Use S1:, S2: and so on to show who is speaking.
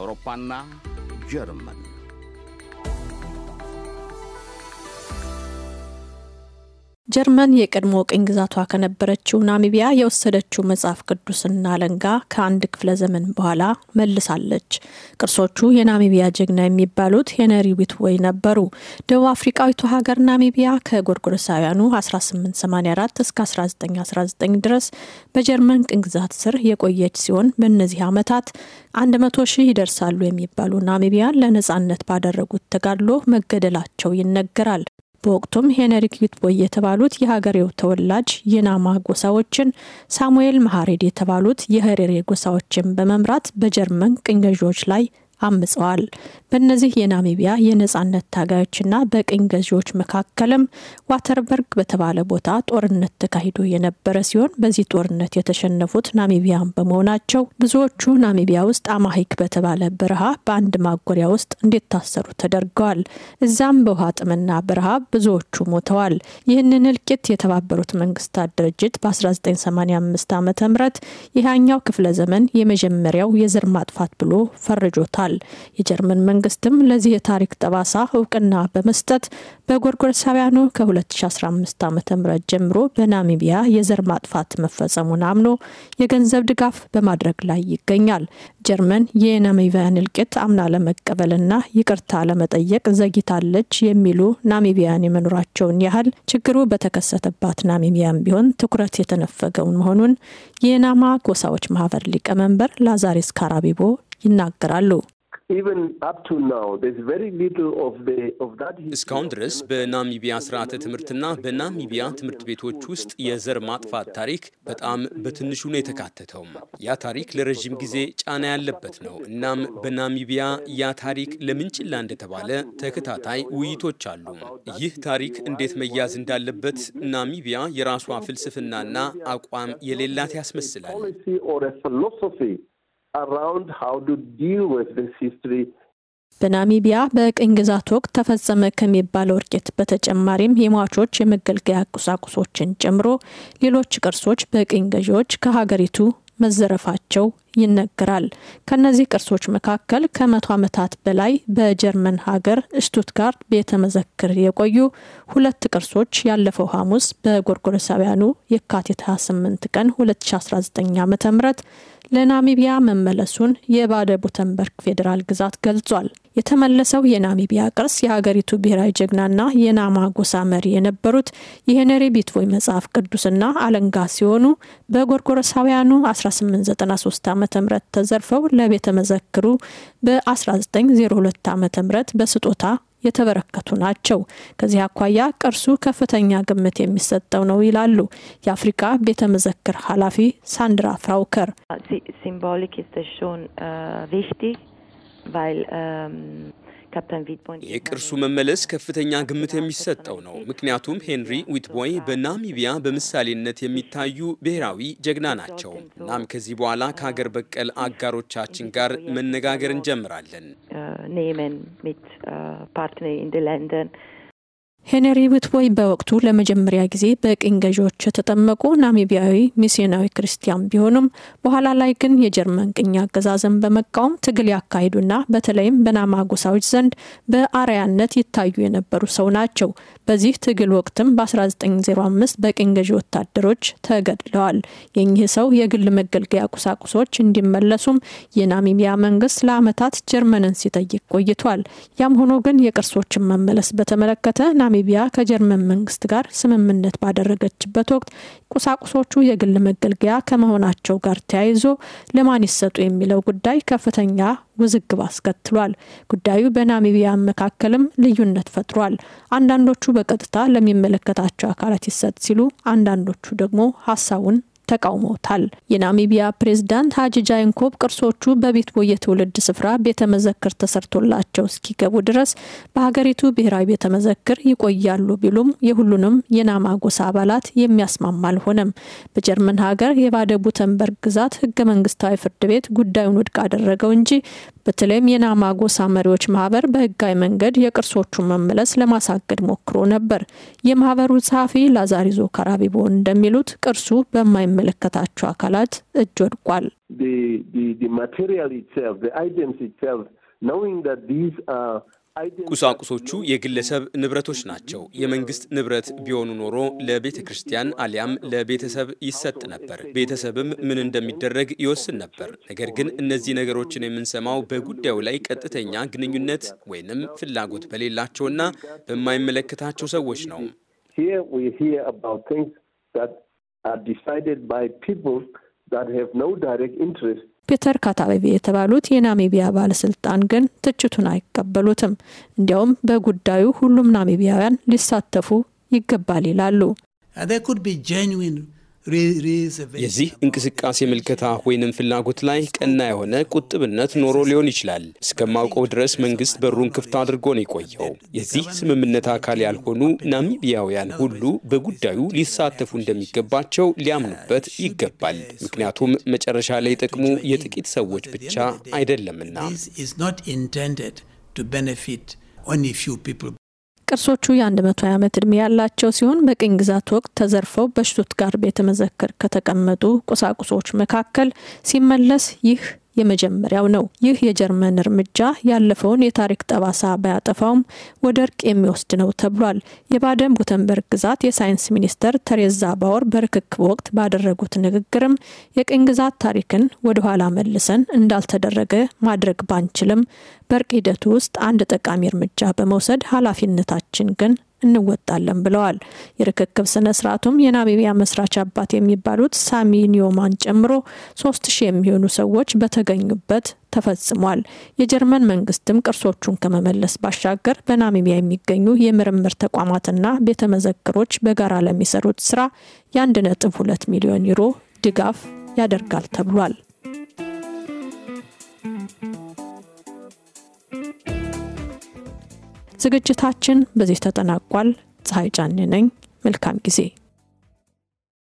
S1: አውሮፓና ጀርመን
S2: ጀርመን የቀድሞ ቅኝ ግዛቷ ከነበረችው ናሚቢያ የወሰደችው መጽሐፍ ቅዱስና አለንጋ ከአንድ ክፍለ ዘመን በኋላ መልሳለች። ቅርሶቹ የናሚቢያ ጀግና የሚባሉት ሄነሪ ዊትወይ ነበሩ። ደቡብ አፍሪቃዊቱ ሀገር ናሚቢያ ከጎርጎረሳውያኑ 1884 እስከ 1919 ድረስ በጀርመን ቅኝ ግዛት ስር የቆየች ሲሆን በእነዚህ ዓመታት 100 ሺህ ይደርሳሉ የሚባሉ ናሚቢያን ለነጻነት ባደረጉት ተጋድሎ መገደላቸው ይነገራል። በወቅቱም ሄነሪክ ዩትቦይ የተባሉት የሀገሬው ተወላጅ የናማ ጎሳዎችን፣ ሳሙኤል መሐሬድ የተባሉት የህሬሬ ጎሳዎችን በመምራት በጀርመን ቅኝ ገዢዎች ላይ አምጸዋል። በእነዚህ የናሚቢያ የነጻነት ታጋዮችና በቅኝ ገዢዎች መካከልም ዋተርበርግ በተባለ ቦታ ጦርነት ተካሂዶ የነበረ ሲሆን በዚህ ጦርነት የተሸነፉት ናሚቢያን በመሆናቸው ብዙዎቹ ናሚቢያ ውስጥ አማሂክ በተባለ በረሃ በአንድ ማጎሪያ ውስጥ እንዲታሰሩ ተደርገዋል። እዛም በውሃ ጥምና በረሃ ብዙዎቹ ሞተዋል። ይህንን እልቂት የተባበሩት መንግስታት ድርጅት በ1985 ዓ ም የሃያኛው ክፍለ ዘመን የመጀመሪያው የዘር ማጥፋት ብሎ ፈርጆታል። ገልጿል። የጀርመን መንግስትም ለዚህ የታሪክ ጠባሳ እውቅና በመስጠት በጎርጎርሳውያኑ ከ2015 ዓ ም ጀምሮ በናሚቢያ የዘር ማጥፋት መፈጸሙን አምኖ የገንዘብ ድጋፍ በማድረግ ላይ ይገኛል። ጀርመን የናሚቢያን እልቂት አምና ለመቀበልና ይቅርታ ለመጠየቅ ዘግይታለች የሚሉ ናሚቢያን የመኖራቸውን ያህል ችግሩ በተከሰተባት ናሚቢያን ቢሆን ትኩረት የተነፈገውን መሆኑን የናማ ጎሳዎች ማህበር ሊቀመንበር ላዛሬስ ካራቢቦ ይናገራሉ።
S1: እስካሁን ድረስ በናሚቢያ ስርዓተ ትምህርትና በናሚቢያ ትምህርት ቤቶች ውስጥ የዘር ማጥፋት ታሪክ በጣም በትንሹ ነው የተካተተው። ያ ታሪክ ለረዥም ጊዜ ጫና ያለበት ነው። እናም በናሚቢያ ያ ታሪክ ለምን ችላ እንደተባለ ተከታታይ ውይይቶች አሉ። ይህ ታሪክ እንዴት መያዝ እንዳለበት ናሚቢያ የራሷ ፍልስፍናና አቋም የሌላት ያስመስላል። around how to deal with this history
S2: በናሚቢያ በቅኝ ግዛት ወቅት ተፈጸመ ከሚባለው እርቄት በተጨማሪም የሟቾች የመገልገያ ቁሳቁሶችን ጨምሮ ሌሎች ቅርሶች በቅኝ ገዢዎች ከሀገሪቱ መዘረፋቸው ይነገራል። ከነዚህ ቅርሶች መካከል ከመቶ ዓመታት በላይ በጀርመን ሀገር ስቱትጋርድ ቤተ መዘክር የቆዩ ሁለት ቅርሶች ያለፈው ሐሙስ በጎርጎረሳውያኑ የካቲት 28 ቀን 2019 ዓ ም ለናሚቢያ መመለሱን የባደ ቡተንበርግ ፌዴራል ግዛት ገልጿል። የተመለሰው የናሚቢያ ቅርስ የሀገሪቱ ብሔራዊ ጀግናና የናማ ጎሳ መሪ የነበሩት የሄነሪ ቢትቮይ መጽሐፍ ቅዱስና አለንጋ ሲሆኑ በጎርጎረሳውያኑ 1893 ዓ ም ተዘርፈው ለቤተ መዘክሩ በ1902 ዓ ም በስጦታ የተበረከቱ ናቸው። ከዚህ አኳያ ቅርሱ ከፍተኛ ግምት የሚሰጠው ነው ይላሉ የአፍሪካ ቤተ መዘክር ኃላፊ ሳንድራ ፍራውከር። uh,
S1: የቅርሱ መመለስ ከፍተኛ ግምት የሚሰጠው ነው። ምክንያቱም ሄንሪ ዊትቦይ በናሚቢያ በምሳሌነት የሚታዩ ብሔራዊ ጀግና ናቸው። እናም ከዚህ በኋላ ከሀገር በቀል አጋሮቻችን ጋር መነጋገር እንጀምራለን።
S2: ሄነሪ ዊትቦይ በወቅቱ ለመጀመሪያ ጊዜ በቅኝ ገዢዎች የተጠመቁ ናሚቢያዊ ሚስዮናዊ ክርስቲያን ቢሆኑም በኋላ ላይ ግን የጀርመን ቅኝ አገዛዝን በመቃወም ትግል ያካሂዱና በተለይም በናማ ጎሳዎች ዘንድ በአርያነት ይታዩ የነበሩ ሰው ናቸው። በዚህ ትግል ወቅትም በ1905 በቅኝ ገዢ ወታደሮች ተገድለዋል። የኚህ ሰው የግል መገልገያ ቁሳቁሶች እንዲመለሱም የናሚቢያ መንግስት ለአመታት ጀርመንን ሲጠይቅ ቆይቷል። ያም ሆኖ ግን የቅርሶችን መመለስ በተመለከተ ናሚቢያ ከጀርመን መንግስት ጋር ስምምነት ባደረገችበት ወቅት ቁሳቁሶቹ የግል መገልገያ ከመሆናቸው ጋር ተያይዞ ለማን ይሰጡ የሚለው ጉዳይ ከፍተኛ ውዝግብ አስከትሏል። ጉዳዩ በናሚቢያ መካከልም ልዩነት ፈጥሯል። አንዳንዶቹ በቀጥታ ለሚመለከታቸው አካላት ይሰጥ ሲሉ፣ አንዳንዶቹ ደግሞ ሀሳቡን ተቃውሞታል። የናሚቢያ ፕሬዝዳንት ሀጂ ጃይንኮብ ቅርሶቹ በቤት የትውልድ ስፍራ ቤተመዘክር ተሰርቶላቸው እስኪገቡ ድረስ በሀገሪቱ ብሔራዊ ቤተመዘክር ይቆያሉ ቢሉም የሁሉንም የናማ ጎሳ አባላት የሚያስማማ አልሆነም። በጀርመን ሀገር የባደ ቡተንበርግ ግዛት ህገ መንግስታዊ ፍርድ ቤት ጉዳዩን ውድቅ አደረገው እንጂ በተለይም የናማ ጎሳ መሪዎች ማህበር በህጋዊ መንገድ የቅርሶቹን መመለስ ለማሳገድ ሞክሮ ነበር። የማህበሩ ጸሐፊ ላዛሪዞ ካራቢቦን እንደሚሉት ቅርሱ በማይመለከታቸው አካላት እጅ ወድቋል።
S1: ቁሳቁሶቹ የግለሰብ ንብረቶች ናቸው። የመንግስት ንብረት ቢሆኑ ኖሮ ለቤተ ክርስቲያን አሊያም ለቤተሰብ ይሰጥ ነበር። ቤተሰብም ምን እንደሚደረግ ይወስን ነበር። ነገር ግን እነዚህ ነገሮችን የምንሰማው በጉዳዩ ላይ ቀጥተኛ ግንኙነት ወይንም ፍላጎት በሌላቸውና በማይመለከታቸው ሰዎች ነው። that are decided by people that
S2: ፒተር ካታቤቤ የተባሉት የናሚቢያ ባለስልጣን ግን ትችቱን አይቀበሉትም። እንዲያውም በጉዳዩ ሁሉም ናሚቢያውያን ሊሳተፉ ይገባል ይላሉ።
S1: uh, የዚህ እንቅስቃሴ ምልከታ ወይንም ፍላጎት ላይ ቀና የሆነ ቁጥብነት ኖሮ ሊሆን ይችላል። እስከማውቀው ድረስ መንግስት በሩን ክፍት አድርጎ ነው የቆየው። የዚህ ስምምነት አካል ያልሆኑ ናሚቢያውያን ሁሉ በጉዳዩ ሊሳተፉ እንደሚገባቸው ሊያምኑበት ይገባል። ምክንያቱም መጨረሻ ላይ ጥቅሙ የጥቂት ሰዎች ብቻ አይደለምና።
S2: ቅርሶቹ የ120 ዓመት ዕድሜ ያላቸው ሲሆን በቅኝ ግዛት ወቅት ተዘርፈው በሽቱትጋርት ቤተ መዘክር ከተቀመጡ ቁሳቁሶች መካከል ሲመለስ ይህ የመጀመሪያው ነው። ይህ የጀርመን እርምጃ ያለፈውን የታሪክ ጠባሳ ባያጠፋውም ወደ እርቅ የሚወስድ ነው ተብሏል። የባደን ቡተንበርግ ግዛት የሳይንስ ሚኒስተር ተሬዛ ባወር በርክክብ ወቅት ባደረጉት ንግግርም የቅኝ ግዛት ታሪክን ወደኋላ መልሰን እንዳልተደረገ ማድረግ ባንችልም በእርቅ ሂደቱ ውስጥ አንድ ጠቃሚ እርምጃ በመውሰድ ኃላፊነታችን ግን እንወጣለን ብለዋል። የርክክብ ስነ ስርዓቱም የናሚቢያ መስራች አባት የሚባሉት ሳሚ ኒዮማን ጨምሮ ሶስት ሺህ የሚሆኑ ሰዎች በተገኙበት ተፈጽሟል። የጀርመን መንግስትም ቅርሶቹን ከመመለስ ባሻገር በናሚቢያ የሚገኙ የምርምር ተቋማትና ቤተ መዘክሮች በጋራ ለሚሰሩት ስራ የ1.2 ሚሊዮን ዩሮ ድጋፍ ያደርጋል ተብሏል። ዝግጅታችን በዚህ ተጠናቋል። ፀሐይ ጫን ነኝ። መልካም ጊዜ